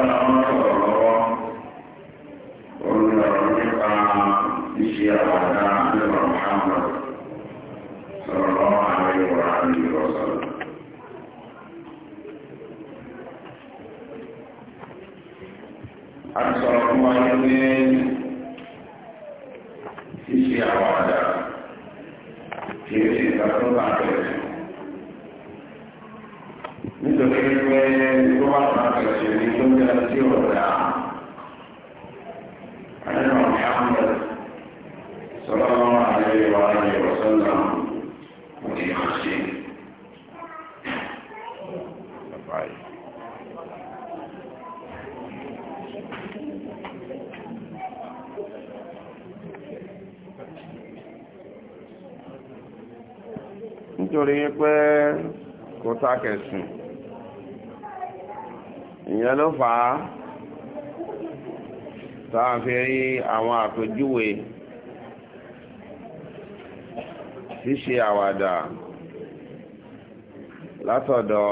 para kẹsùn ìyẹn ló fà á táà fi rí àwọn àpèjúwe ṣíṣe àwàdà látọ̀dọ̀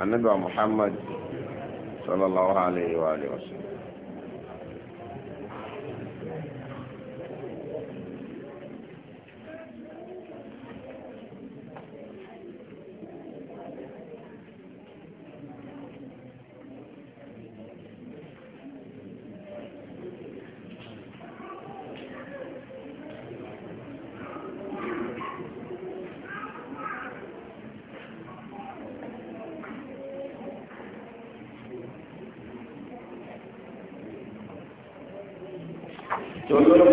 anábà Muhammad sallallahu alayhi wa sallam Yo lo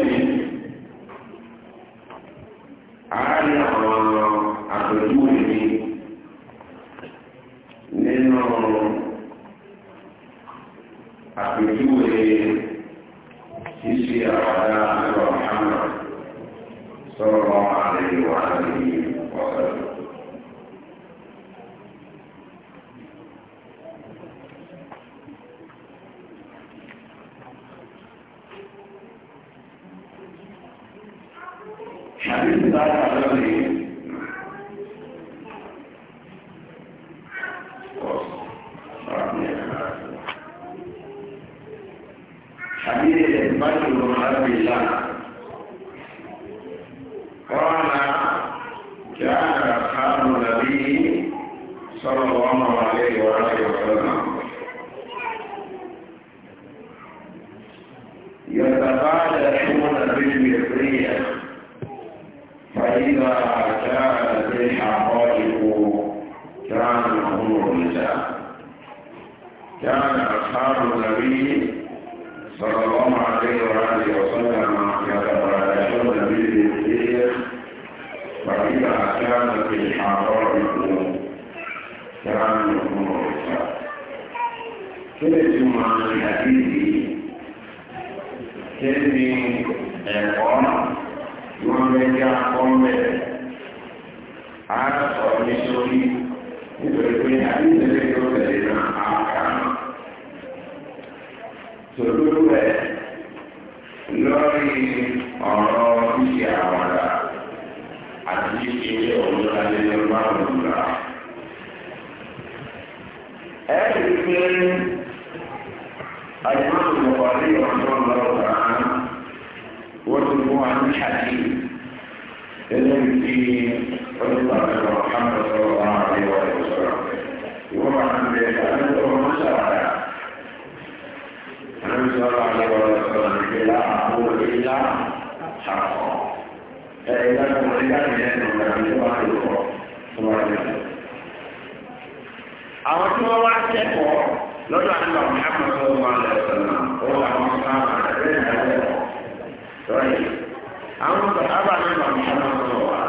جاءت الحقائق كان امر الله كان اصحاب النبي صلى الله عليه واله وسلم يتبادلون بالذكر فاذا كانت الحقائق كان امر الله كلمه عن الحديث كلمه عقاب ومن يعقب àwọn sàhábà náà bàbá náà sọ̀rọ̀ wá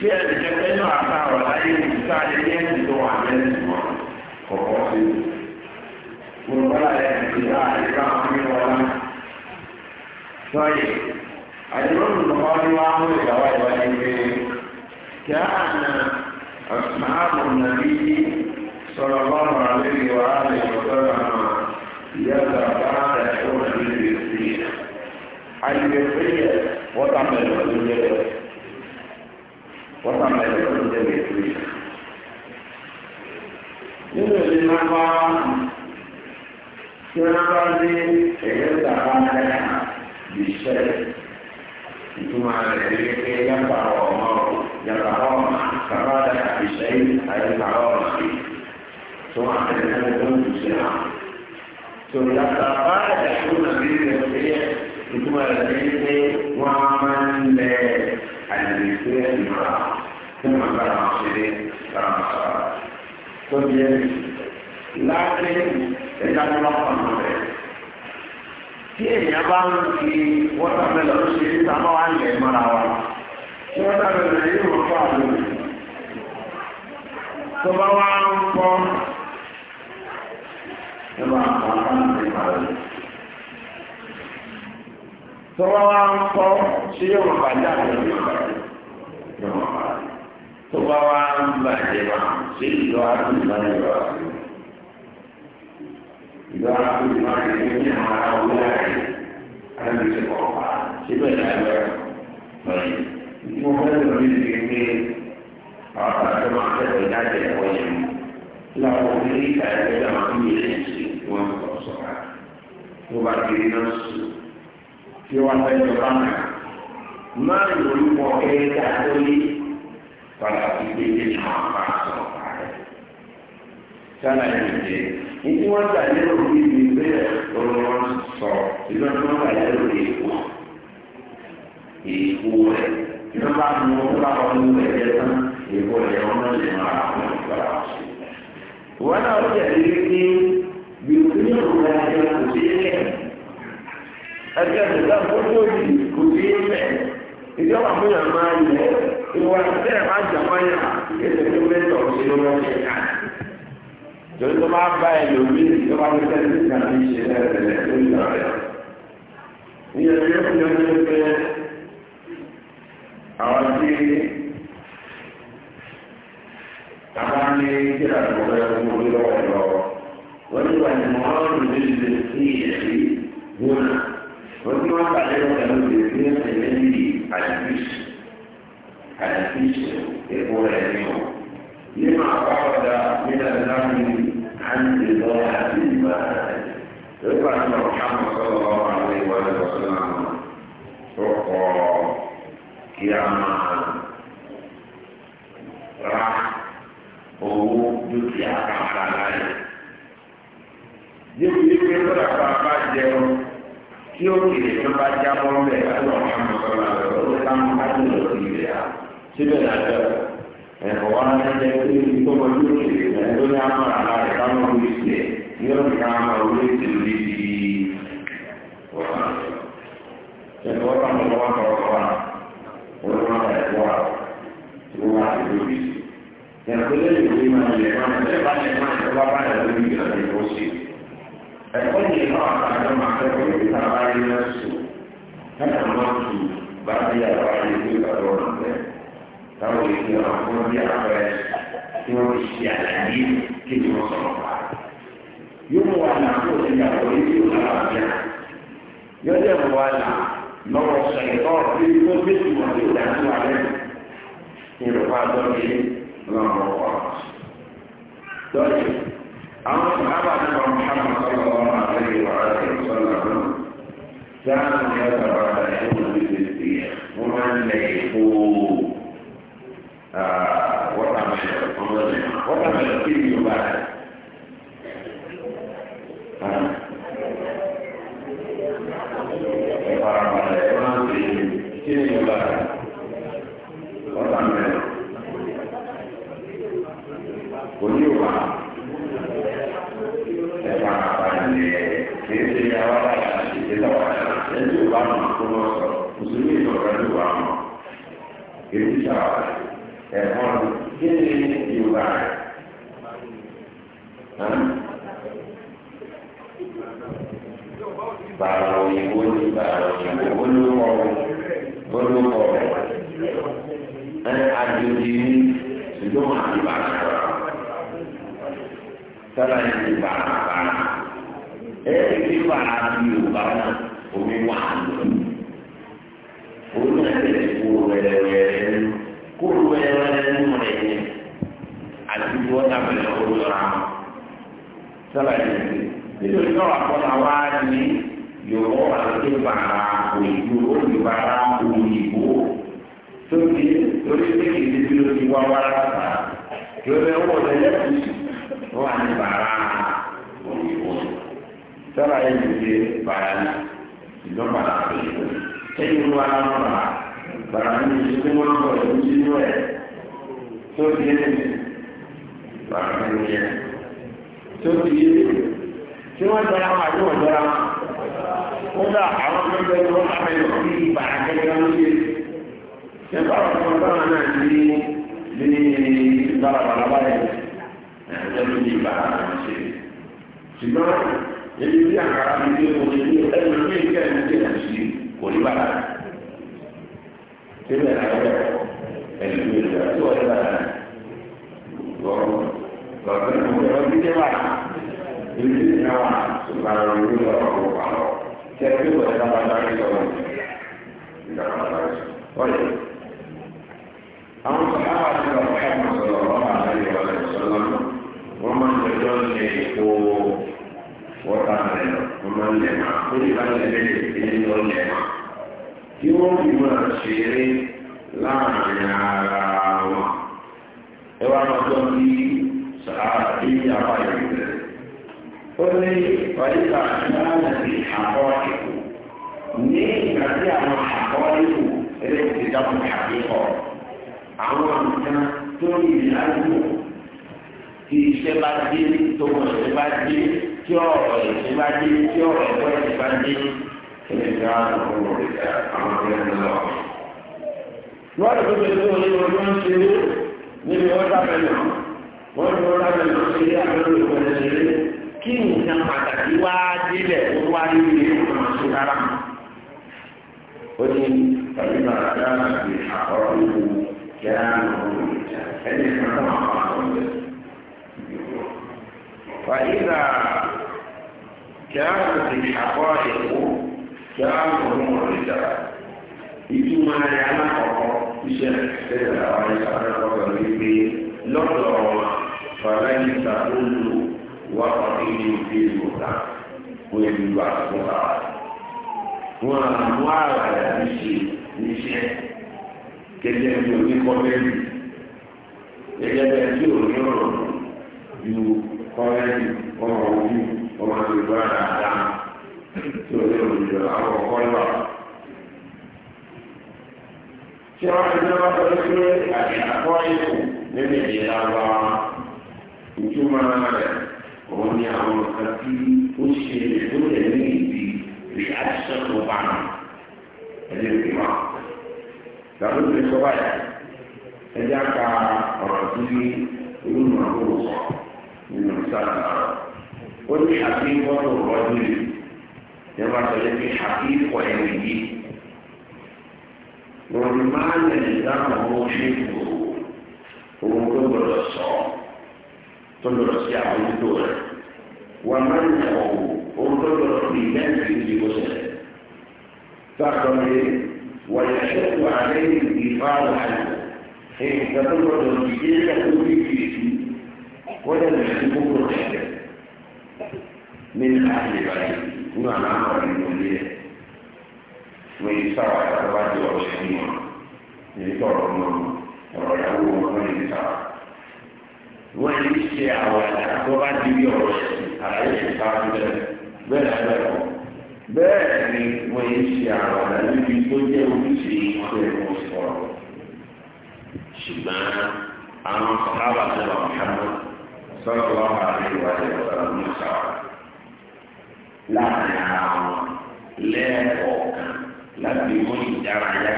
sí ẹ̀sìn kẹfẹ́ náà àbá wà láyé ìgbésà ilé ẹ̀sìn tó wà lẹ́sìn wọn kọ̀ọ̀kọ́ sí i olùkọ́lá rẹ̀ ti rà àyíká àwọn ìwọ náà sọ́yì àyẹ̀wòrán lọ́wọ́ ni wọ́n á mú ìyàwó ìwádìí pé kí á nà أصحاب النبي صلى الله عليه وآله وسلم يتباعدون بالبسيط البسيط wọ́tàmẹ́lì ló ń jẹ́ bẹ́ẹ̀ wọ́tàmẹ́lì ló ń jẹ́ bẹ́ẹ̀ tó yẹ. nínú ìlú nàbà tí wọ́n bá dé ẹ̀yẹ́ ìdàgbà náírà lè ṣẹ́ ìtumọ̀ rẹ̀ ní pé yàtọ̀ ọmọ yàtọ̀ ọmọ kàrọ̀ náírà lè ṣẹ́ àyẹ̀tọ̀ ọmọ tó wà tẹ̀lé ẹ̀kọ́ tó ń tù sí náà. tòun yàtọ̀ ẹ̀ṣọ́ nàbí ìtumọ̀ rẹ̀ ní pé wọ́n máa ń lẹ àyèsí ìmọ̀ra tí wọ́n bá wọn ṣeré bára wọn sọ̀rọ̀. tó bí ẹ láti ẹ̀dá tó wọ́n pọ̀ mọ́ rẹ̀. tí èèyàn bá ń fi wọ́tàmẹ́lọ̀ ń ṣe níta máa wá lẹ̀ mọ́ra wa tí wọ́tàmẹ́lọ̀ yìí wọ́n fọ́ àlọ́ tó bá wá ń pọ́ ẹ bá wọn kọ́ ọ́n ní tó wá wá ń kọ́ ṣé yóò máa bàjẹ́ àbí yóò bàjẹ́ yóò máa bàjẹ́ tó bá wá ń bàjẹ́ wa ṣé ìlú àdúgbò náà yóò wá sí ìlú àdúgbò náà yóò ní àwọn ará wúlá rẹ̀ àdúgbò ti kọ̀ wá ṣé bẹ́ẹ̀ ni àgbẹ̀ lọ́yìn ìdí wọn fẹ́ẹ́ lọ níbi pé àwọn àgbàdo máa fẹ́ẹ́ lọ jáde ẹ̀kọ́ yẹn láwọn onílé ìtàgé máa ń yẹ ẹ̀sìn wọn kọ̀ sọ̀rọ̀ tó bá kiri náà sùn tí wọ́n fẹ́ jọba mọ̀. máa ń lò lùpọ̀ kẹ́kẹ́ àtọ́lé padà sí pété ní àwọn bá sọ̀rọ̀ parẹ́. sára yìí jẹ́ ìdí wọ́n gbà lérò bí ibi bẹ́ẹ̀ lọ́wọ́ wọn sọ ìgbà tí wọ́n gbà lérò èèkó èèkó rẹ̀ tí wọ́n bá mú wọn bá wọn mú ẹ̀jẹ̀ tán èèkó rẹ̀ wọn náà lè máa wọn gbà wọn sí. náà ó jẹ̀bi pé bí o ti ní òkúta ẹ̀jẹ̀ kò sí ẹ̀jẹ̀ ẹgbẹ́ ìgbà gbogbo yìí kò sí ilẹ̀ ìjọba fún máa ń lẹ̀ ìwà tẹ́lẹ̀ bá máa yà ìṣẹ̀lẹ̀ tó bẹ́ẹ̀ tọ̀ sí lọ́wọ́ ṣe ká. tó máa bá ẹ lómi ìjọba tó tẹ́lẹ̀ tó kà ní ṣe tó ń yàrá rẹ̀. Ìyẹn ló fi hàn mí pé àwọn tí àwọn ní kíláàsì ọ̀rẹ́ ọmọ orí lọ́wọ́ lọ́wọ́ wọ́n ní wà ní mọ́ọ́rùn lẹ́sẹ̀ lẹ́yìn àdàbíṣe àdàbíṣe ẹ̀kọ́ rẹ̀ ní ọ̀ nínú àpapọ̀. Sí, verdad. صحابة محمد صلى الله عليه وآله وسلم كانوا يتبادلون بالاستياء ومن ليقول wọ́n bara, ní bàrà òyìnbó sábà yẹn ti ṣe bàrà ìjọ bàrà òyìnbó kéyìn ló wà lọ́wọ́ bàrà bàrà ní ìṣe tí wọ́n bọ̀ ní ẹ̀ tó ti yé bàrà ní ìṣe tó ti yé tí wọ́n wọ́n àwọn tó ń bàrà kẹ́kẹ́ ṣe ní ní ìbára bàrà báyìí. ẹni ní ìbára àwọn ṣe. ṣùgbọ́n èyí ní àkàrà mi pé mo ní ẹni ní ìkẹ́ ẹni tí ẹ̀ sí kò ní bàtà. ṣé bẹ́ẹ̀ náà yẹ ẹni ní ìgbà tí wọ́n yẹ bàtà wọ́n lọ́sẹ̀ ní mo fẹ́ wọ́n ti dé wà. ilé ìyáwó ṣùgbọ́n àwọn ìlú ọ̀rọ̀ wà lọ. ṣé ẹgbẹ́ wọ̀ ẹ̀ dábàá dárí lọ́wọ́ ìgbà kan láti. wọ́n yẹ àwọn sọ̀rọ̀ àwọn àti lẹ̀ mọ́ ó lè bá lẹ̀ lẹ̀ ní lọ lẹ̀ mọ́ kí wọ́n fi máa ṣeré láàrin ara wọn ẹ wá máa tọ́ sí sàárà tí ìyàwó àyè rẹ̀ ó ní ọ̀yíká láti àkọ́ ìkù ní ìgbà tí àwọn àkọ́ ìkù ẹlẹ́yìn ti dáhùn àbí ọ̀ àwọn nǹkan tó ní ìlànà tí iṣẹ́ bá dé tó mọ̀ ṣe bá dé tí ọ̀rọ̀ ìṣẹ́ bá dé tí ọ̀rọ̀ ẹ̀kọ́ ìṣẹ́ bá dé ẹ̀ṣẹ̀ ìṣẹ́ àwọn ọmọ rẹ̀ àwọn ọmọ rẹ̀ lọ. wọ́n ti tóbi tó ní ọdún ń ṣeré níbi ọ̀dà mẹ́lọ̀ wọ́n ti ọ̀dà mẹ́lọ̀ ṣeré àbẹ̀rẹ̀ ìpẹ̀lẹ̀ ṣeré kí nǹkan pàtàkì wá délẹ̀ ó wá ní ilé ìwọ̀n ṣe rárá. ó ní tàbí bàbá dáná àti àkọ́rọ́ ìlú kí á nà فإذا كانت الحقائق كانوا هم الرجال ìtumọ̀ ayé alákọ̀ọ́kọ́ iṣẹ́ ẹ̀rọ àwọn ìṣàkóso wípé lọ́dọ̀ fàlàyé ìṣàkóso wà pàtó ní ìgbé ìwòta kó ebi wà fún wa. wọn àmú àràyà ní ṣe níṣẹ́ gẹ́gẹ́ bí oníkọ́mẹ́rì kọ́lẹ́jì ọmọ òbí ọmọ ìgbà dáadáa tí ó lè òjò àwọn kọ́lá. tí wọ́n ti dábàá sọ pé àti àkọ́ ìkù nínú èdè lábá ìtumọ̀ rẹ̀ òun ni àwọn kan tí ó ṣe lè tó lè ní ìdí rí àṣìṣe tó bá nà ẹni rí mọ́. Ìgbàlódé ti sọ báyìí ẹjá ka ọ̀rọ̀ sí olùmọ̀ọ́kọ́ sọ̀rọ̀. من مسألة العرب قل حقيقة الرجل يبقى سألت حقيقة يمجي والمعنى الإنسان هو شيخه هو كبر الصعب تنظر السياح من الدولة ومن هو هو كبر في ذي بسنة فأخبر ويشد عليه الإفاع عنه حيث إيه، تنظر الإيمان في ذي ولم يكن من أهل بيته نعم عمر بن ويسعى على الرجل والشهيمة يطور منه ọ̀rọ̀yàwó wọn ní ìta wọ́n yìí ṣe àwọn àtàkọ́ bá di bí ọ̀rọ̀ àlàyé ìta bẹ́ẹ̀ bẹ́ẹ̀ bẹ́ẹ̀ bẹ́ẹ̀ ni wọ́n yìí ṣe àwọn àlàyé bí tó jẹ́ ojúṣe صلى الله عليه وآله وسلم مستوى لا نعم لا فوق لا بمن درجة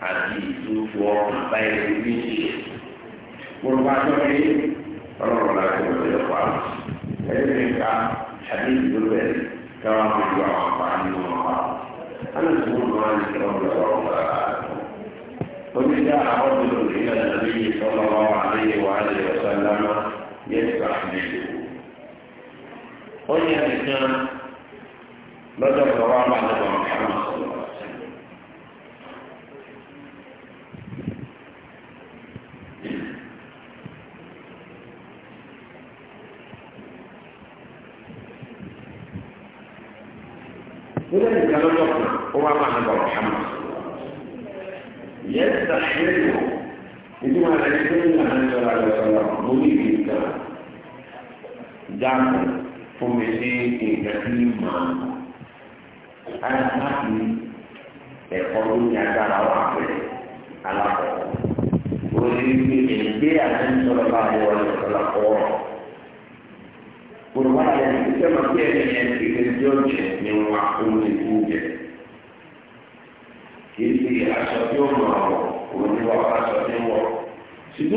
حديث فوق بين مثله مرفعته رضي الله عنه يقال ذلك حديث بالبيت كما في بعض عنه وقال أنا أقول مالك رضي الله عنه ومن جاء رجل ó ní ẹnìkan lọ́jọ́ kan bá lọ́wọ́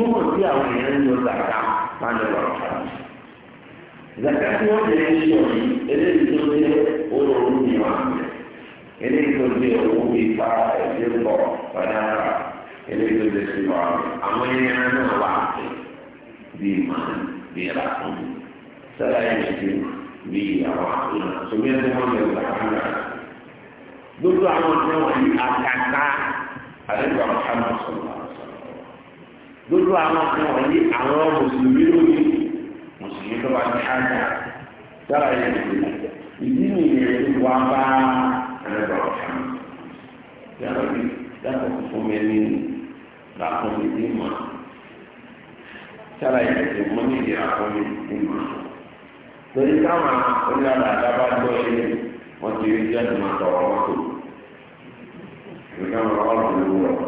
túmọ̀ sí àwọn èèyàn ń lo zaka pálí ọ̀rọ̀ zaka tí wọ́n ti ń sọ yìí eléyìí tó jẹ́ olórí ni wọ́n á mẹ́ eléyìí tó jẹ́ owó ìfà ẹ̀jẹ̀ pọ̀ padà eléyìí tó jẹ́ sí wọ́n á mẹ́ àwọn èèyàn náà wà á pẹ́ bíi màá bíi ràkùn sára yẹn ti bíi àwọn àkùnà sọmi ẹni wọ́n lè gbà á mẹ́ gbogbo àwọn ọ̀sán wọ̀nyí àkàtà àdébà Muhammad sọ̀rọ̀ lójú àwọn kan wọ̀nyí àwọn mùsùlùmí lórí mùsùlùmí tó bá ti ṣáájà dára yẹn lè ìdí nìyẹn tó wá bá ẹgbẹ́ ọ̀sán yàrá bí yàtọ̀ fún mi ní làkún mi ní mọ̀ dára yẹn lè mọ́ ní ìdí làkún mi ní mọ̀ lórí káwọn onílànà àdábà gbọ́ ilé wọn ti rí jẹ́ ìmọ̀ tọ̀rọ̀ wọn tó ìgbà wọn ọ̀rọ̀ ló wọ̀.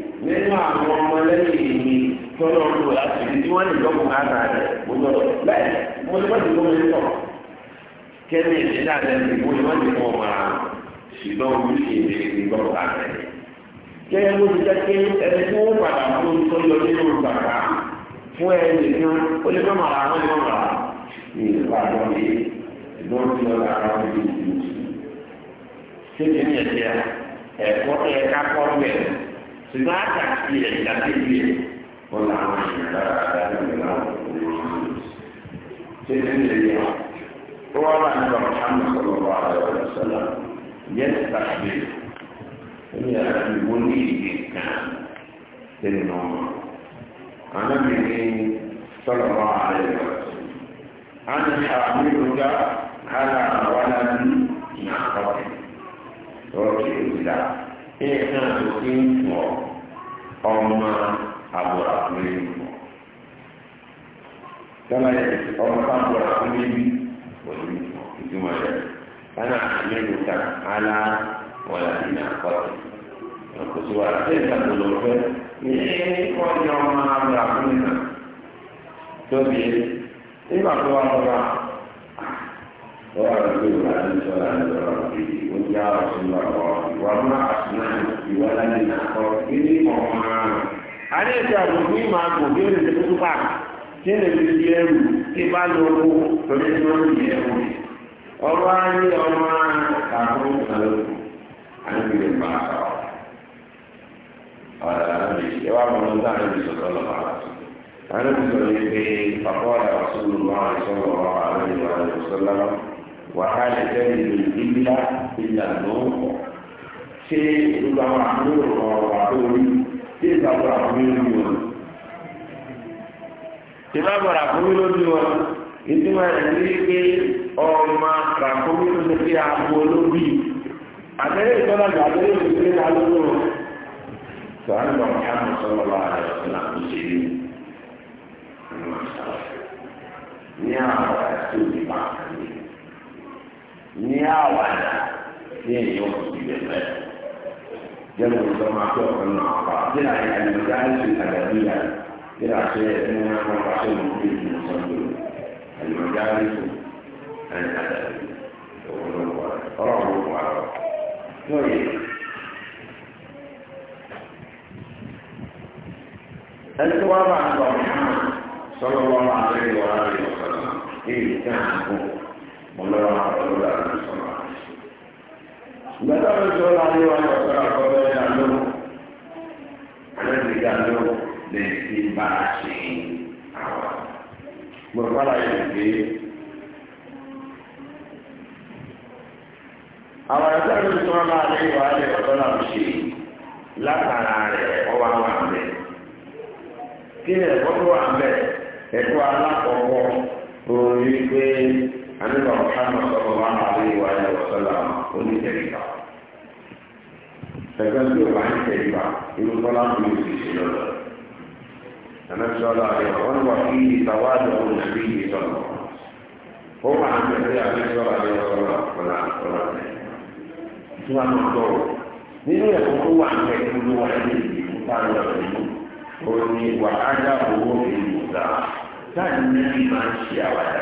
nínú àwọn ọmọlẹ́yìn mi tọ́lọ́ ń lò láti rí tí wọ́n lè lọ́kùn láta rẹ̀ mo lọ bẹ́ẹ̀ mo lè wọ́n ti kó mi kẹ́mi ìdílé àlẹ́ mi mo lè wọ́n ti ọmọ ara ṣùgbọ́n ojúṣe ìdílé mi gbọ́dọ̀ bá rẹ̀. kẹ́yẹ́ mo ti jẹ́ pé ẹni tí wọ́n padà fún mi tó yọ nínú bàbá fún ẹni kan ó lè má màrà wọ́n lè má ní ìlú mi ìgbọ́n ti lọ lára wọn ní ìlú ṣé kí ni ẹ̀jẹ̀ ẹ̀kọ́ ṣùgbọ́n àtàkì rẹ̀ ìdàkejì rẹ̀ wọ́n là wọn ṣe lára àdáyé ìlà ṣe ní ilé yẹn ó wá wà nípa mọ́hàmù sọ̀rọ̀ wà lọ́wọ́ sọ̀rọ̀ yẹn tàbí ó ní àti mo ní ìdí kan nínú anábìrin sọ̀rọ̀ wà lọ́wọ́ àti àmìlúgà hàlà wàlá ní ìyàkọ́ rẹ̀ ó kì í dá. nǹkan àtòkè ń pọ̀ ọmọ àbúrò àbúrò ń pọ̀. Sọ́lá yẹ ọmọ àbúrò àbúrò bí pẹ̀lú ìtumọ̀ rẹ̀. Kánà àmẹ́lò ta alá wọlé àdínà kọ́tù. Òkòtò wa ṣe ìdàgbòlò fẹ́ ní kọ́ni ọmọ àbúrò àbúrò náà. Tóbi nígbà tó wà lọ́wọ́ وقال الرجل عليه الصلاة والسلام يا رسول الله وما أصنعت بولد أخر إني أمام أنا أتعلم ما أقول بين الكتب kí ni bí di ẹrù tí bá lọ owó torí tí wọ́n di ẹrù ọwọ́ ayé ọmọ àkókò ìsàlókù àgbèrè máa kà ọ́ ọ̀rọ̀ àbí ẹwà mọ̀ ní sáà níbi sọ̀tọ̀ lọ́wọ́ àwọn àti sọ̀rọ̀ yìí pé pàpọ̀ ọ̀rọ̀ àti sọ̀rọ̀ lọ́wọ́ sọ̀rọ̀ lọ́wọ́ àwọn ìwà ìwòsàn lọ́wọ́ wàhálà ìtẹ́lẹ̀ ìlú ìbílá ìlà lọ́wọ́ ṣé olùkọ́ àwọn àbúrò ọ̀rọ̀ àbórí tí ìgbàgbọ́ àbúrò lórí wọn. ìgbàgbọ́ àbúrò lórí wọn ìtumọ̀ rẹ̀ ní pé ọmọ ràkúnmí ló ti fi àbò olóbì àtẹ́lẹ̀ ìtọ́lá ní àtẹ́lẹ̀ ìlú ìlú àlọ́ wọn. sọ̀rọ̀ nípa mọ̀hámù sọ̀rọ̀ lọ́wọ́ àrẹ̀ ọ̀sán àkóṣe ní àwọn àti òbí máa ń ní àwàdà ní èyí ó fi bẹ̀rẹ̀ jẹ́nu ìjọ máa fi ọ̀kan náà pa bí i àyíká ìlú àgbàdìyà bí i àṣẹ ẹni wọn máa bá ṣe mú bí ìlú sọ́dọ̀ àyíká ìlú àgbàdìyà òun ló wà ọlọ́run ló wà lọ. lóye ẹni tó wá bá a sọ̀rọ̀ sọ́lọ́wọ́ máa ń rí wàhálà ìwọ̀sán náà èyí ká àbọ̀. ọlọ́run àtọ́lọ́dà ló sọ̀rọ̀ mẹ́ta ló sọ láyé wa lọ sọ́ra kọ́kọ́ ẹ̀dá lóhùn àlẹ́sì ìdá lóhùn a ṣe àwọn. mo fara yìí pé àwọn ẹ̀dá ló sọ láyé wa lè sọ́ra ṣe látara rẹ̀ ọwọ́ àwọn àmì kí ni ẹ̀kọ́ tó wà ń bẹ̀ ẹ̀kọ́ alákọ̀ọ́kọ́ òun pé àníbà Muhammad sallallahu alaihi wa alihi wa sallam onítẹ̀ríkà ẹgbẹ́ tí ó bá ń tẹ̀ríkà inú bọ́lá tó yóò ti ṣe lọ́dọ̀ àníbà sọ́lá àríwá wọn wà kí ìtawádọ̀ ọ̀hún nàbí yìí sọ̀rọ̀ ó máa ń tẹ̀lé àbí sọ́lá àríwá sọ́lá ọ̀la ọ̀la tí wọ́n á tọ̀ nínú ẹ̀kọ́ tó wà ń bẹ̀ tó ló wà ní ìlú táwọn ọ̀rẹ́ òní wà á dáàbò wọ́n fi lù dáa táà ní máa ń ṣe àwàdà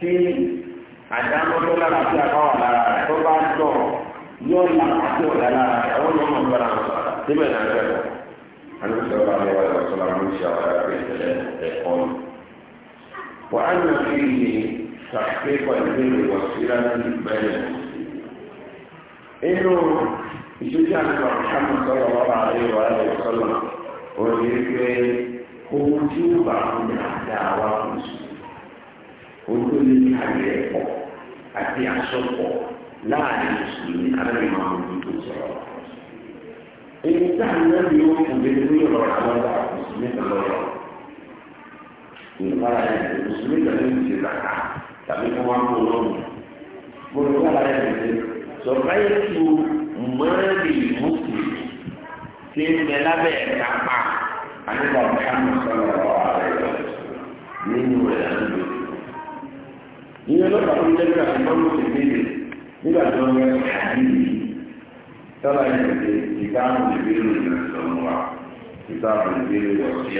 tí àdámọ́ tó lára sí àbáwà lára tó bá dọ̀ yóò là àti ọ̀dà lára àwọn yóò mọ̀ gbára síbẹ̀ náà bẹ̀rẹ̀ àti sọ̀rọ̀ àwọn ìwà ìwà sọ̀rọ̀ àwọn ìṣe àwọn ará rẹ̀ tẹ̀lé ẹ̀kọ́ ni. wọ́n á yàn fi ìyè sàkékọ̀ ìbéèrè wọ̀ sí láti bẹ̀rẹ̀. inú ìṣojú àti ọ̀sán sọ̀rọ̀ lọ́wọ́ àwọn ìwà ìwà sọ̀rọ̀ òní pé ohun tí ó bá fún mi àti àwa kò sí olóyè àgbẹ̀pọ̀ àti àsopọ̀ láàrin mùsùlùmí alábì máa ń dúró sọ̀rọ̀. Èyí tá a náà ni ó kù bẹ́ẹ̀ lórí ọ̀rọ̀ àwọn ọ̀gá mùsùlùmí kan lọ́rọ̀. Ìbára ẹ̀ mùsùlùmí kan ló ń ṣe kàkà tàbí kí wọ́n á kó lọ́rùn. Mo lọ bá ara ẹ̀ ṣe sọ̀rọ̀ ayé tu mọ́rẹ́lì mùsùlùmí tí ń bẹ lábẹ́ ẹ̀ka pa àti bàbá mi sọ̀rọ̀ ọ̀rọ̀ rẹ̀ nínú rẹ̀ lọ́dún. ìyẹn lọ́pàá tó jẹ́ pé àti mọ́mú ti bèèrè nígbà tí wọ́n yẹ àdìyí tọ́lá yẹn ti kìtáàbù lè bèèrè ìrìn sọ̀rọ̀ wa kìtáàbù bèèrè à sọ̀rọ̀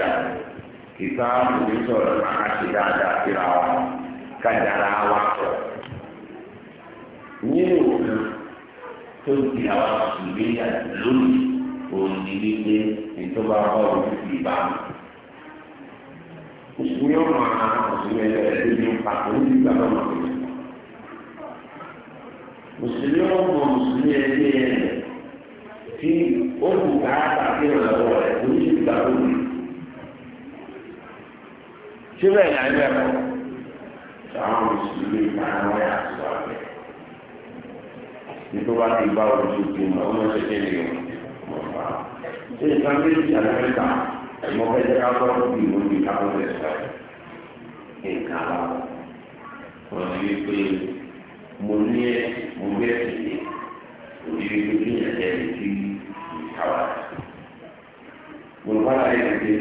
máa ṣe yóò máa mùsùlùmí ẹlẹ́rẹ́ tó ní pàtó ní ìgbà náà mọ̀ ní. mùsùlùmí ó mọ mùsùlùmí ẹgbẹ́ ẹ̀ tí ó kù ká àtàkì ìrànlọ́wọ́ rẹ̀ tó ní ìgbà tó ní. ṣé bẹ́ẹ̀ ni àyẹ̀wò ẹ̀kọ́ àwọn mùsùlùmí máa ń wáyà sọ àgbẹ̀. nítorí wá ti bá ojú ti mọ̀ ọmọ ṣẹ̀ṣẹ̀ ni mo fà á. ṣé ìtàn méjì àti mẹ́ta မောဟတရားတော်ကိုဒီလိုဒီလိုပြောတယ် nǹkan wa wọn ti wí pé mo ní ẹ mo gbé ẹsẹ ndị wí pé kí ẹ jẹ ẹni tí wa mo bá ara rẹ pé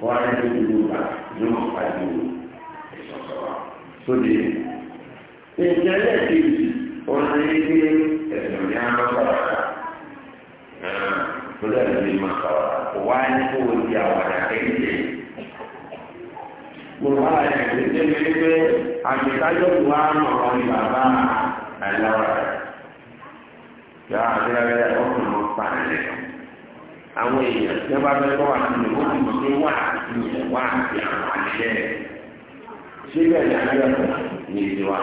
wọn á rẹ tó dúró yóò mọ pàdé wa tó dé wọn pé ní tó dẹ̀ lè mo wá ẹ̀ lédè wípé àgbẹ̀dájọ́ tó wá mọ̀ ọ́ ní bàbá àlọ́rà yọ àbẹ́rẹ́ ọkùnrin pa ẹ̀ àwọn èèyàn tí wọ́n bá fẹ́ kọ́ wà nínú wọ́n ti mọ̀ pé wà nínú wà àti àwọn àlẹ́ síbẹ̀ ní alẹ́ ọ̀sán ní ìdí wa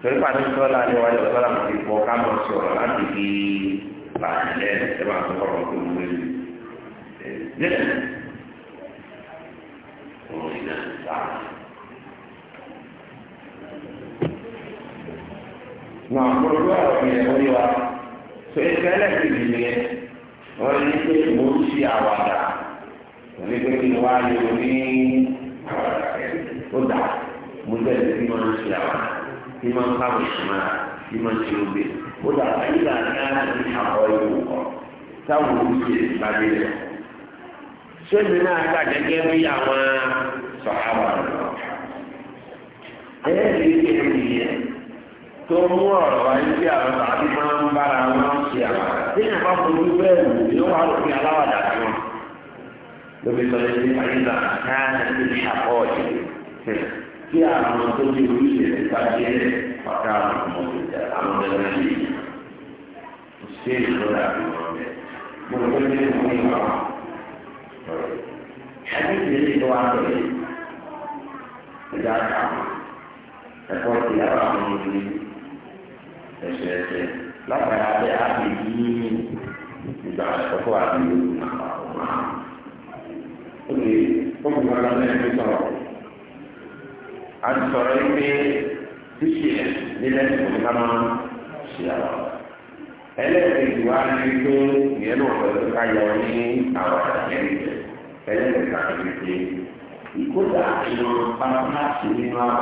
torí pàtó sọ́la ni wọ́n yọ sọ́la ti pọ̀ ká mọ̀ sọ̀rọ̀ láti fi bàjẹ́ ẹ̀ máa fọ́ ọ̀rọ̀ tó wúlò yìí. olú ọ̀rọ̀ yẹn lórí wa tó ẹ tẹ́lẹ̀ sì ní yẹn wọ́n ní pé mo ń ṣe àwàdà wọ́n ní pé kí n wá yọ ní àwàdà ó dà mo jẹ́ ẹni tí mo ń ṣe àwàdà tí mo ń káwé ìṣúná tí mo ń ṣe oge ó dà ayé là ní àná ní àwọ̀ ìwò kọ̀ táwọn olùṣe ìbàdí rẹ̀ ṣé mi náà gbà gẹ́gẹ́ bí àwọn sọ̀hábà rẹ̀ ẹ̀ẹ́dì ìṣèlú yẹn. un tó mú ọ̀rọ̀ wáyé bí àwọn tàbí máa ń bára wọn ṣe àwọn tí yẹn bá fojú bẹ́ẹ̀ lù yóò wá lópin aláwàdà sí wọn. lóbi sọ yẹn ní àyíká káàní ti ní che si àwọn tó ní oríṣi rẹ̀ bá jẹ́ ọ̀tá àwọn ọmọdé àwọn ọmọdé náà yìí kò sí èyí ló dà bí wọn bẹ́ẹ̀. mo rò pé ní ìwé ìwà ẹni tí èyí tó wá bẹ̀rẹ̀ ẹ̀dá kà ẹ̀kọ́ ti àwọn ọmọdé ẹsẹ̀ ẹsẹ̀ látara abẹ àbí yíyí ìgbà àkọ́kọ́ àbí yorùbá ó lè ó fi wọn lọ́nà ẹni sọ̀rọ̀ a ti sọ̀rọ̀ yìí pé ṣíṣe nílẹ̀ ìwé ká máa ṣe àwọn ẹlẹ́ẹ̀kejì wá ní pé ìyẹn náà pẹ̀lú ká yọ ní àwọn àjẹmí ẹlẹ́ẹ̀kẹta ní nínú àwọn àjẹmí náà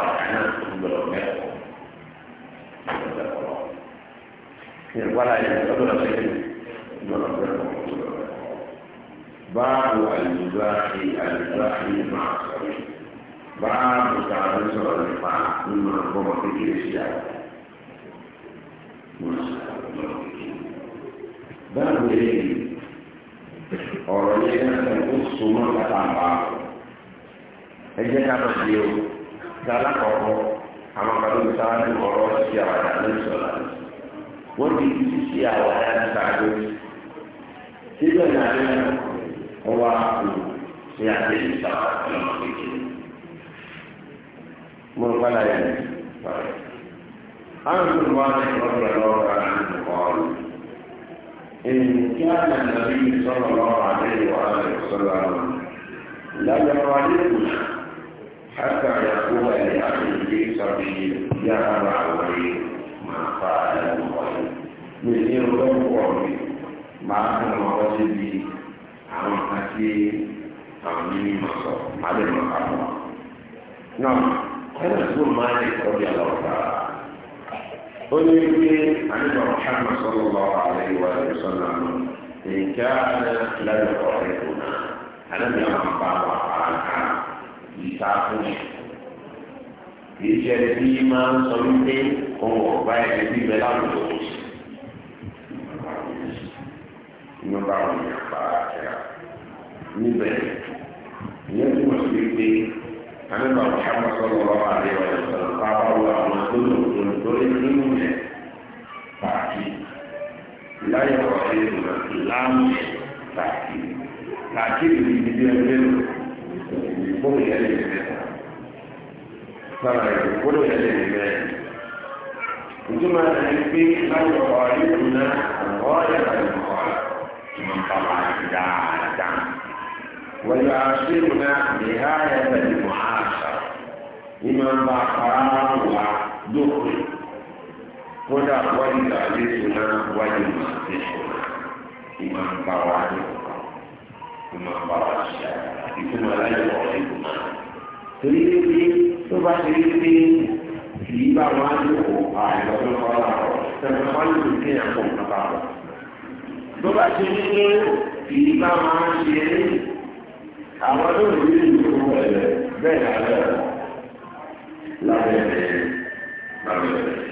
tó wala yẹn lọ́dọ̀ lọ́dọ̀ yẹn lọ́dọ̀ lọ́dọ̀ báàbù àlùbá ṣe àlùbá ṣe máa sọ̀rọ̀ báàbù tààrà sọ̀rọ̀ nípa nínú ọgbọ́n kékeré sí àwọn báàbù eléyìí ọ̀rọ̀ yẹn náà ó so mọ́ kàtà bá ẹ jẹ́ ká lọ́ọ́ di o dáadáa kọ̀ọ̀kan àwọn kan ọ̀rọ̀ sí àwọn àdáni sọ̀rọ̀ àti. wọ́n ti fi ṣíṣe àwọn aláǹtàjọ síbẹ̀ náà wọ́n wá kú sí àtẹ̀yìn sábà lọ́mọ kékeré. mo rò pálá yẹn pàrọ̀. àwọn tó wá ní ọ̀dọ̀ lọ́wọ́ ara ń kọ́ ọ́ lọ. إن كان النبي صلى الله عليه وآله وسلم لا يفارقنا حتى يقول لأخيه في سبيل يا أبا ما فعل الله mi ní ọjọ́ púpọ̀ mi máa ń lọ ọkọ síbi àwọn kan tí àwọn mímí máa sọ máa lè máa kàwọ́. náà ẹnì tó máa ń ìkọ́bí àlọ́ọ̀tà ó ní wípé àníbà Muhammad sallallahu alaihi wa sallam nìkẹ́ lẹ́nu ọ̀rẹ́ kò náà àdàbí àwọn bá wà pàápàá ìta fún mi kì í ṣe ẹni tí máa ń sọ wípé òun ọ̀bá ẹni tí bẹ́ẹ̀ láwùjọ. ń bá àwọn èèyàn pa àṣà níbẹ̀ ìyẹn tí mo sì pé àníbà mùsàmù sọ̀rọ̀ lọ́wọ́ àdéhùn ọ̀sán bábá wo àwọn tó lò tó lò lórí nínú yẹn pàtì láyé ọ̀rẹ́ ìrìnà láàmú pàtì pàtì ìrìn ìdílé ẹgbẹ́ lò ìdìbò yẹn lè mẹ́ta sára ìdìbò yẹn lè mẹ́ta. من طبع بداعة ويعاشرنا نهاية المعاشرة إمام بقرار ودخل kódà wọ́n ìgbà lẹ́sùn náà wáyé ìmọ̀ lẹ́sùn náà ìmọ̀ ń bá wa ní ọ̀kan ìmọ̀ ń bá wa ṣe ìtumọ̀ aláìsàn ọ̀rẹ́ ìgbìmọ̀ náà. torí pé tó bá ṣe rí pé kì í bá wọn á lò ó àìlọ́dún kọ́lá ọ̀rọ̀ tẹ̀sán wọn lè fi kéèyàn kó nǹkan bá wọn. tó bá ti ní pé kìí bá máa ń ṣe é àwọn tó lè rí ìlú ẹ̀rẹ̀ bẹ́ẹ̀ ni alẹ́ lábẹ́ ẹ̀ lábẹ́ ẹ̀.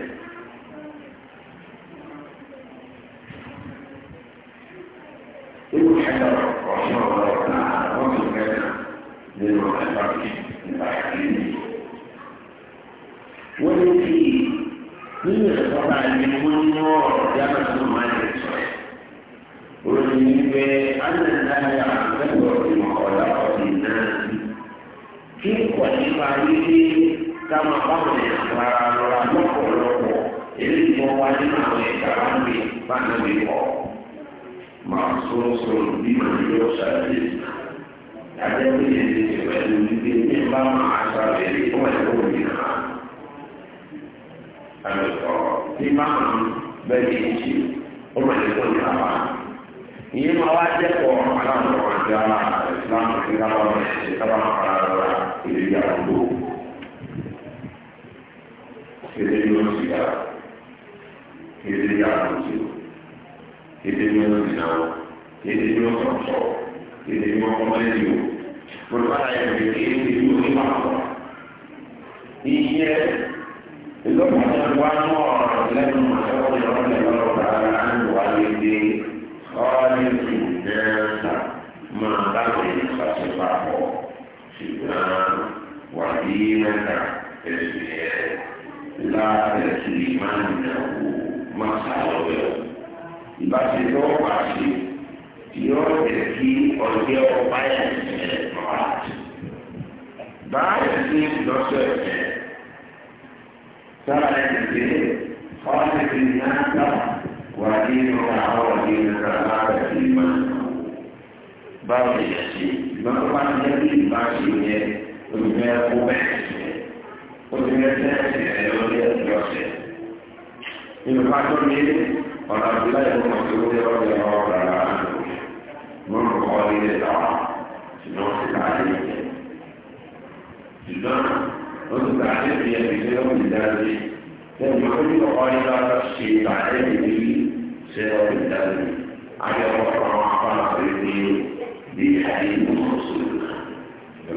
تسليمة لا تسليمنه مسألة بس لو بس يوم تكي أجيب بيان مرات بعد سنين دوسر ترى الجزء خالق الناس ودينها ودينك لا تسليمنه بعد يسير ما هو الذي باشيه وبما قبحت وبما تأتي على ولي الرسل من فاتر من وعبد الله بن مسعود رضي الله تعالى عنه من قال لدعاء نوصل عليك الجنة نوصل عليك هي بسبب الدرجة لأن كل قائلة تشفي عليك بسبب الدرجة على الله تعالى بحديث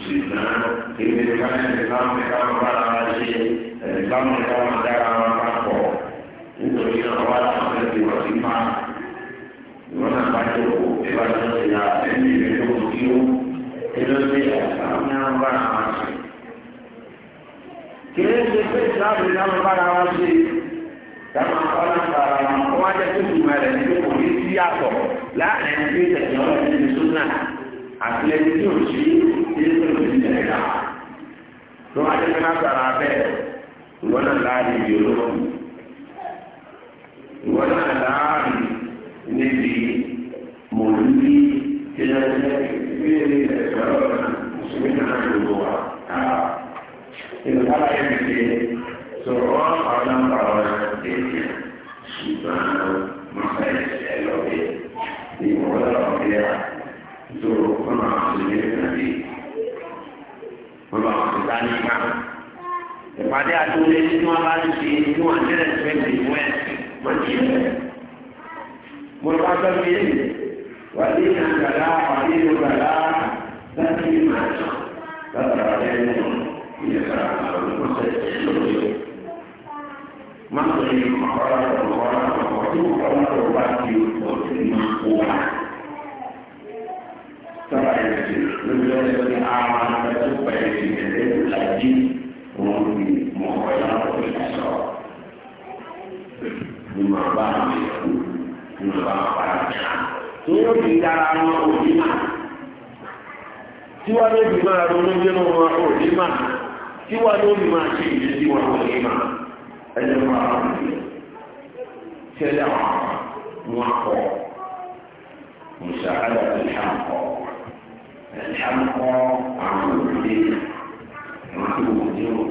ṣùgbọ́n ibi tí wọ́n ti bá mi ká wọn bára wọn ṣe bá mi ká wọn dára wọn ká pọ̀ nítorí náà wọ́n á fẹ́ ti wọ́n ti máa wọ́n náà bá tó kó ìbá tó ti ra ẹni rẹ̀ tó kú kí ó ẹjọ́ sí àṣà náà bára wọn ṣe. kí ló ṣe pé ìsìláàmù náà wọn bára wọn ṣe dáná ọ̀la bára wọn kó wá jẹ́ kó tùmọ̀ rẹ̀ ní kò ní sí àtọ̀ láàrin ẹni tó tẹ̀sán ọ̀la ẹni àti ẹni tó ń ṣe é yéésù ti ní ẹ̀ka tó wá dé ká sara bẹ́ẹ̀ ìwọ náà láàrin ìdí olóògùn ìwọ náà láàrin níbi mòlúbí tí wọ́n ti fi ní ẹ̀ka lọ́wọ́ mùsùlùmí ìlú káláyé mi ti sọ̀rọ̀ ọ́. pada aku ni semua lagi di semua jenis seperti buat macam mana? Mulakan ni, wali yang gara, wali yang gara, dan ini macam, tak terhad ini, ini kerana proses itu. Maka ini makalah orang orang waktu orang berubah di untuk ini kuat. Terakhir, menjadi awan dan supaya tidak mọ̀ọ́yá ọ̀rẹ́ sọ. Ní màá bá àwọn èèyàn ní màá bá àwọn ará jà. Ní yóò fi dára wọn òbí náà. Tí wọ́n lè fi máa ronú bí Tí wọ́n lè máa ṣe ìdí wọn òbí máa. àwọn òbí. Tẹ́lẹ̀ àwọn wọn kọ̀. مساعدة الحمقى الحمقى عن الدين مكتوب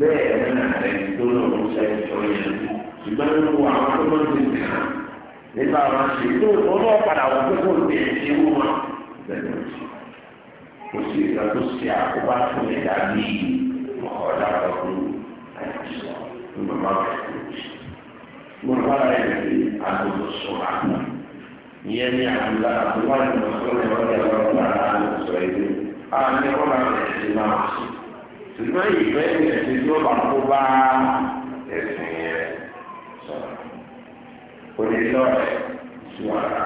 bẹ́ẹ̀ náà rẹ̀ tó lọ́wọ́ ṣẹ́yìn ọ̀yẹ́ ṣùgbọ́n nínú àwọn tó máa ń tètè hàn nípa àwọn ṣe tó ọlọ́ padà wọ́n tó kó lè ṣe wọ́n wá bẹ́ẹ̀ kò sí ìgbà tó ṣe àkóbá fún ẹ̀dá bíi ọ̀dà ọ̀dún àìsàn ní màmá rẹ̀ kò sí. mo bá rẹ̀ lè àgbọ̀dọ̀ sọ̀rọ̀ àná ìyẹn ní àgbà àgbọ̀dọ̀ wà ní ìwọ́n ní ọ̀rọ̀ ṣùgbọ́n ìfẹ́ ìrẹsì tó bá kó bá ẹ̀sìn rẹ̀ sọ̀rọ̀ onílọ̀ rẹ̀ sùwàrà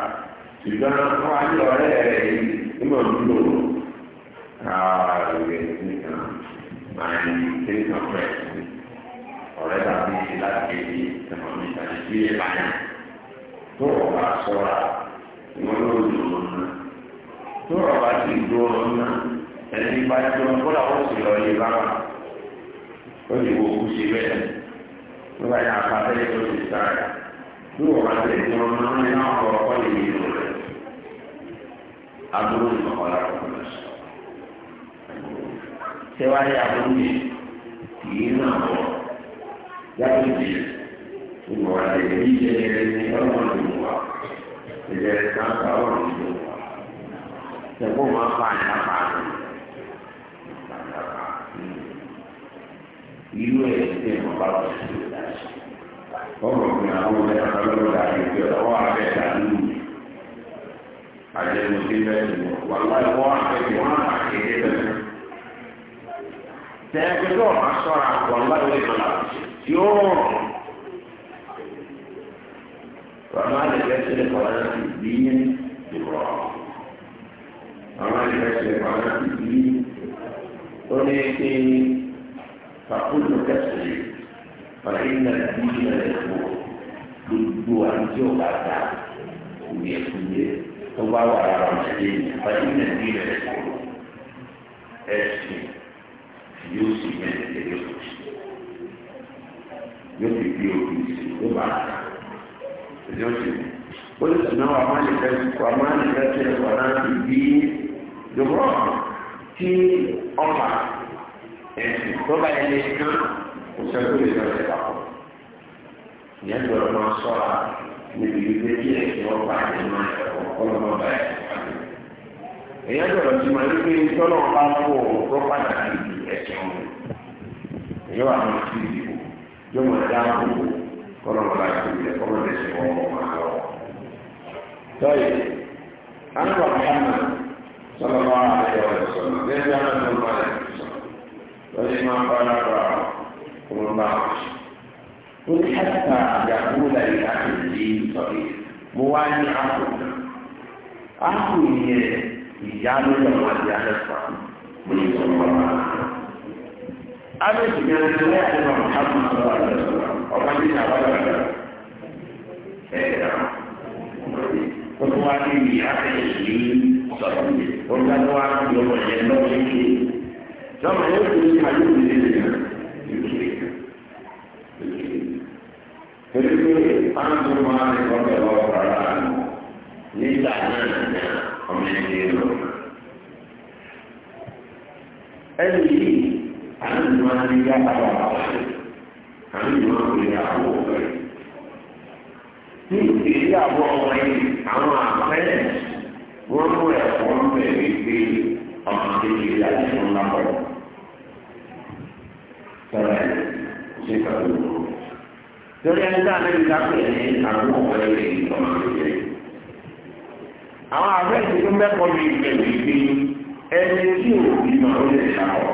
ṣùgbọ́n wọ́n á lọ rẹ̀ rẹ̀ nígbà dúró ààrẹ nìkan máa ń ké kan fẹ́ ọ̀rẹ́ tàbí ṣe láti kéde ẹ̀mọ́ mi tàbí sí ìbáyà tó ọ̀bà sọ́ra ìwọ́n ló dùn ún náà tó ọ̀bà sì dùn ún náà ẹni bá jọ kódà ó sì lọ yé bá wà ó sì wo kú sí bẹ́ẹ̀ ló bá yà apá tẹ́lẹ̀ tó ti sá rẹ̀ bí wọ́n bá tẹ̀lé tí wọ́n máa ń ní àwọn ọ̀rọ̀ kọ́ lè yé lò rẹ̀ aburú nìkan lákòókò lọ sí. sẹ́wáyé aburú yìí kì í náà wọ̀ yàtọ̀ sí ìwọ̀n àtẹ̀lé yìí jẹ́ ẹni ọlọ́run ìwà ìjẹ́rẹ̀ sáńkà ọlọ́run ìwà. sẹ́kọ̀ọ́ máa fa àyà pa àná. irú ẹ̀ ṣe ọba tó ṣe ìdájọ́. ọmọ mi àwọn ọmọ ẹ̀ka lọ́wọ́ dàbí pé ọwọ́ abẹ́ dàlú àjẹmọ sí bẹ́ẹ̀ ni wà láì wọ́n àfẹ́kẹ́ wọn àkéde bẹ́ẹ̀. tẹ́ẹ̀kẹ́ tó ọ̀ma sọ́ra wà láì wọ́n ìgbàlá yóò wàmà lè fẹ́ sílẹ̀ kọ́lá ti bí ìrọ̀ wàmà lè fẹ́ sílẹ̀ kọ́lá ti bí ó ní kí ni. فكل كسر فإن الدين يكبر gbogbo àti ọba ta kúnyẹ kúnyẹ tó bá wà lára ọmọdé báyìí nàbí rẹ kúrò ẹsìn yóò sì mẹsẹ yóò sì yóò fi bí òbí sí tó bá ta yóò sì mẹ. ó lè sùn náà àmọ́ nípa ẹ̀kọ́ àmọ́ nípa ẹ̀kọ́ ẹ̀sìn tó bá yẹn lé kán òṣèlú lè lọ sí papọ̀. ìyẹn gbọ́dọ̀ máa sọ́ra níbi ìgbé bí ẹ̀sìn ọba yẹn máa ọlọ́mọ bá yẹn pàdé. ìyẹn gbọ́dọ̀ ti máa ní pé tọ́lọ́ bá fò tó pàtàkì ẹ̀sìn ọ̀hún. ìyẹn wà máa fi ìdìbò yóò máa dá àbòbò kọ́lọ́ bá yẹn pàdé kọ́lọ́ lè ṣe wọ́n mọ́ ولما خلق والمعرش قل حتى يقول لأخي الدين صغير مواني عقل عقل هي ìyáálé lọ́wọ́ àti àlẹ́fà ní ìsọ̀rọ̀ àmì ìgbẹ̀rẹ̀ ìṣẹ̀lẹ̀ àti ọ̀rọ̀ حديث جديد ní kápẹ́ ní àkókò pẹ̀lú èyí tó máa ń jẹ. Àwọn àfẹ́sì tó mẹ́kọ̀ọ́ mi pẹ̀lú ìgbé ẹni tí ò bí máa ń lè ṣàwọ̀.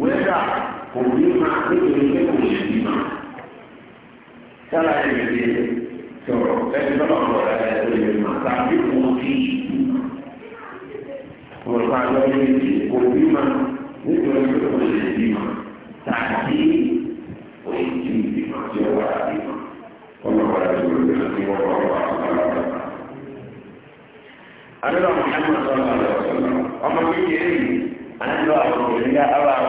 Wẹ́dà kò ní máa ń lè ṣe kò sí bí máa. Sára ẹni tí sọ̀rọ̀ ẹni tó lọ́kọ̀ ẹ̀ ẹ̀ lè máa tàbí kò sí ìlú. Olùkọ́ àgbẹ̀ ní kò bí máa nítorí kò sí bí máa tàbí àdúrà mọ̀hánmà sọ̀rọ̀ ọmọ kékeré yìí àdúrà àwọn òṣèlú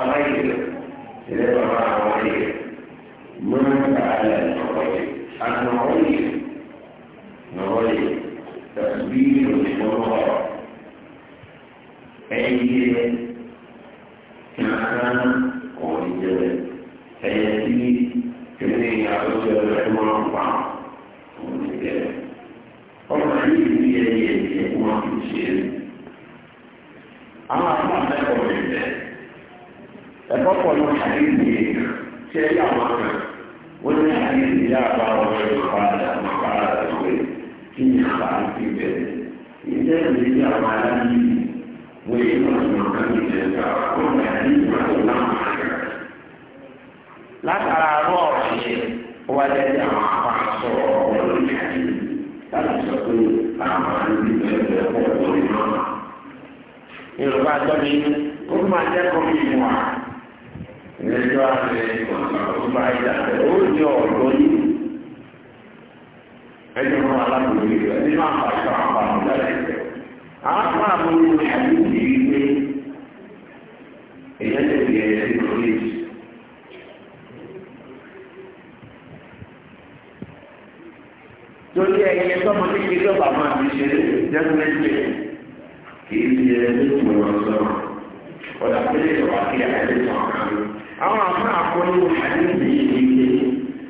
àwọn àmọ́ àkọlé àdéhùn yìí ní ike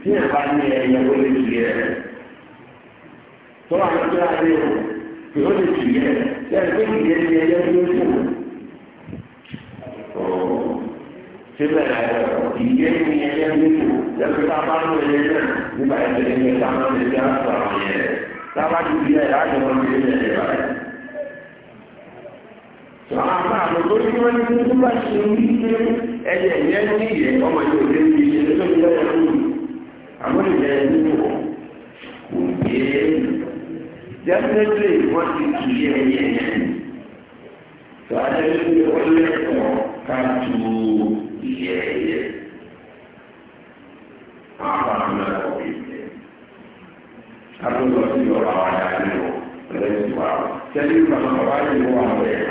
tí ẹ̀ bá ní ẹ̀yẹ lè tì yẹ tó àwọn tó àdéhùn tí ó lè tì yẹ tí ẹ̀ tó tì ní ẹ̀yẹ tó lè tì síbẹ̀ ìyẹ́ ní ẹ̀yẹ tó lè tì lẹ́nu tá a bá ní ẹ̀yẹ nígbà ẹ̀jẹ̀ ní ẹ̀ta máa ń lè fi àṣà àwọn yẹn táwa ti di ẹ̀ láti wọn fi ẹ̀yẹ báyìí. Àwọn àbá àlọ́ ẹyẹ ìyẹn ní ìyẹ ọmọ yóò lé ní ìṣẹ́ tó ń lẹ́yìn lórí àwọn ìyẹn nínú wọn kò yé definitely wọ́n ti kì í ẹyẹ yẹn tó adẹ́lẹ́gbẹ́ wọ́n lẹ́kọ̀ọ́ ká tu ìyẹ yẹ àwọn àmọ́ ọ̀rọ̀ ìyẹ àbúrò sí ọ̀rọ̀ àwọn àdáyé wọn lẹ́yìn tó wà sẹ́yìn ìgbà wọn wáyé wọn wọ̀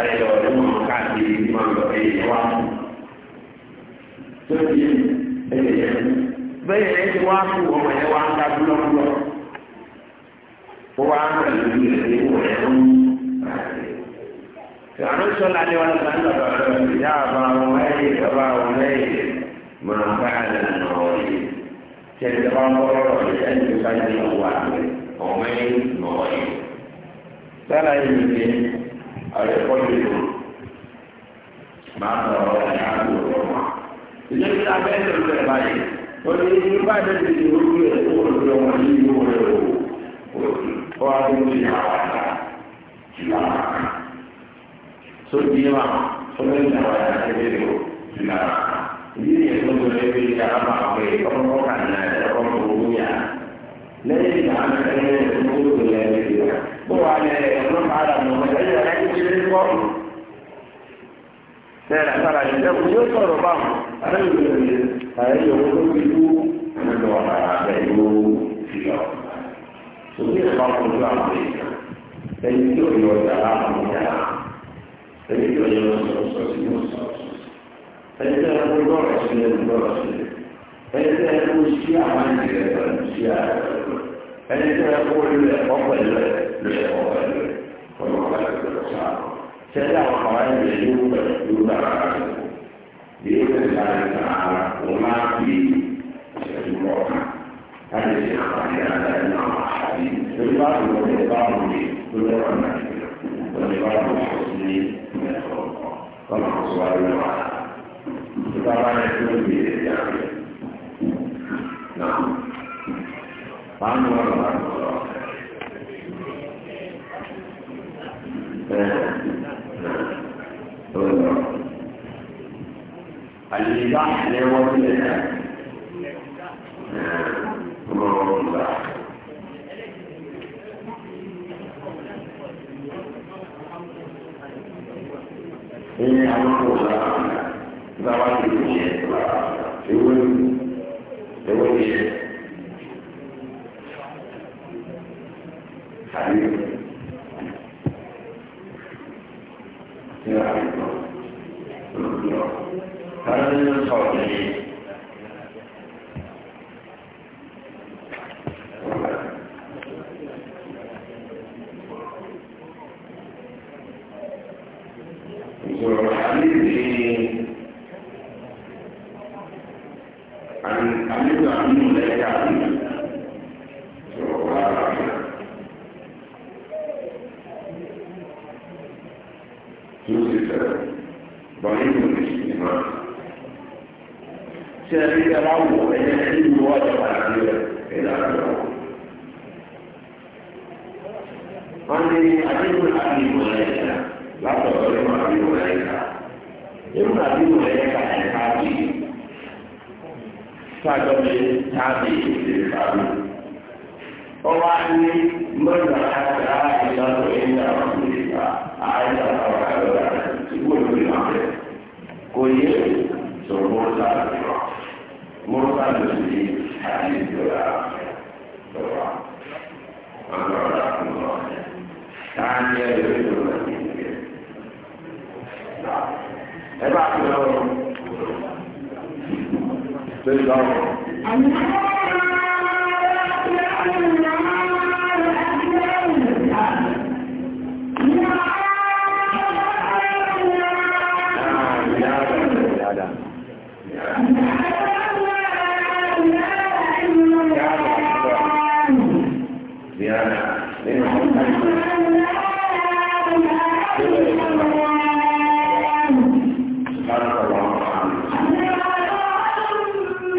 sáré lọ ní wọn káàkiri ní wọn lọ ẹ̀yìn wá. tó ti ẹ̀yẹ̀ yẹn bẹ́ẹ̀ yẹn ti wá kú ọmọ yẹn wá ń dá búlọ́búlọ́ ó wá ń rẹ̀ lórí ẹ̀ ní wọn ẹ̀ ń àwọn sọlá ni wọn lọ lọ ìyá àbá wọn ẹ̀yìn bàbá wọn ẹ̀yìn máa bá àlẹ́ nà ọ́ yìí tẹ̀lé bá ń bọ́ lọ́rọ̀ yìí ẹni tó sáyé ní ọwọ́ àgbẹ̀ ọ̀mẹ́yìn nà ọ́ yìí. sára yìí ni ààrẹ kọ́lé lò máa ń lọ ẹ̀yà àgbò rẹ̀ wá. ìjọ ní abẹ́ ìṣòro rẹ̀ báyìí ó ní nígbà tó ti di ojú ẹ̀ kó o lọ wọn ní ìlú rẹ̀ o ó wá tó ti yà wá ká ti là wá ká. tó di ma tó ní ìyà wá ká ti lè o ti là wá ká. ìdí nìyẹn tó ń lọ ẹgbẹ́ ìyá bá pé ọmọ kàn náà ẹ̀rọ kò wúyà lẹ́yìn ìgbà mẹ́rin tó ń lọ ẹgbẹ́ ìyá kó ẹni tí ò yọ ọjà láàmú 那时候，我们还是不上。现在我考完研究生，读在哪里？研究生在哪儿？我妈第一，写书我看。他就想，现在让阿姨，人家给我写帮助你，不要看人家，人家帮助你，然后，他们就说话了吗？他爸也说了一句：“爷爷。”那，帮助我吧。àlèbá lẹ́wọ́ sílẹ̀ náà ọmọọmọ gbà. Ẹyẹ àwọn ọmọ ọ̀la nígbà wá sí ìlú yẹn ewé ewé yẹn àbí. فلم ينفع إليه ìlú wọn ti padà sí rẹ̀ ẹ̀dá rẹ̀ lọ. wọ́n ní adéhùn àti ìmọ̀lá ẹ̀ka látọ̀dọ̀ ìmọ̀ àti ìmọ̀lá ẹ̀ka ìmọ̀ àti ìmọ̀lá ẹ̀ka ẹ̀ka bíi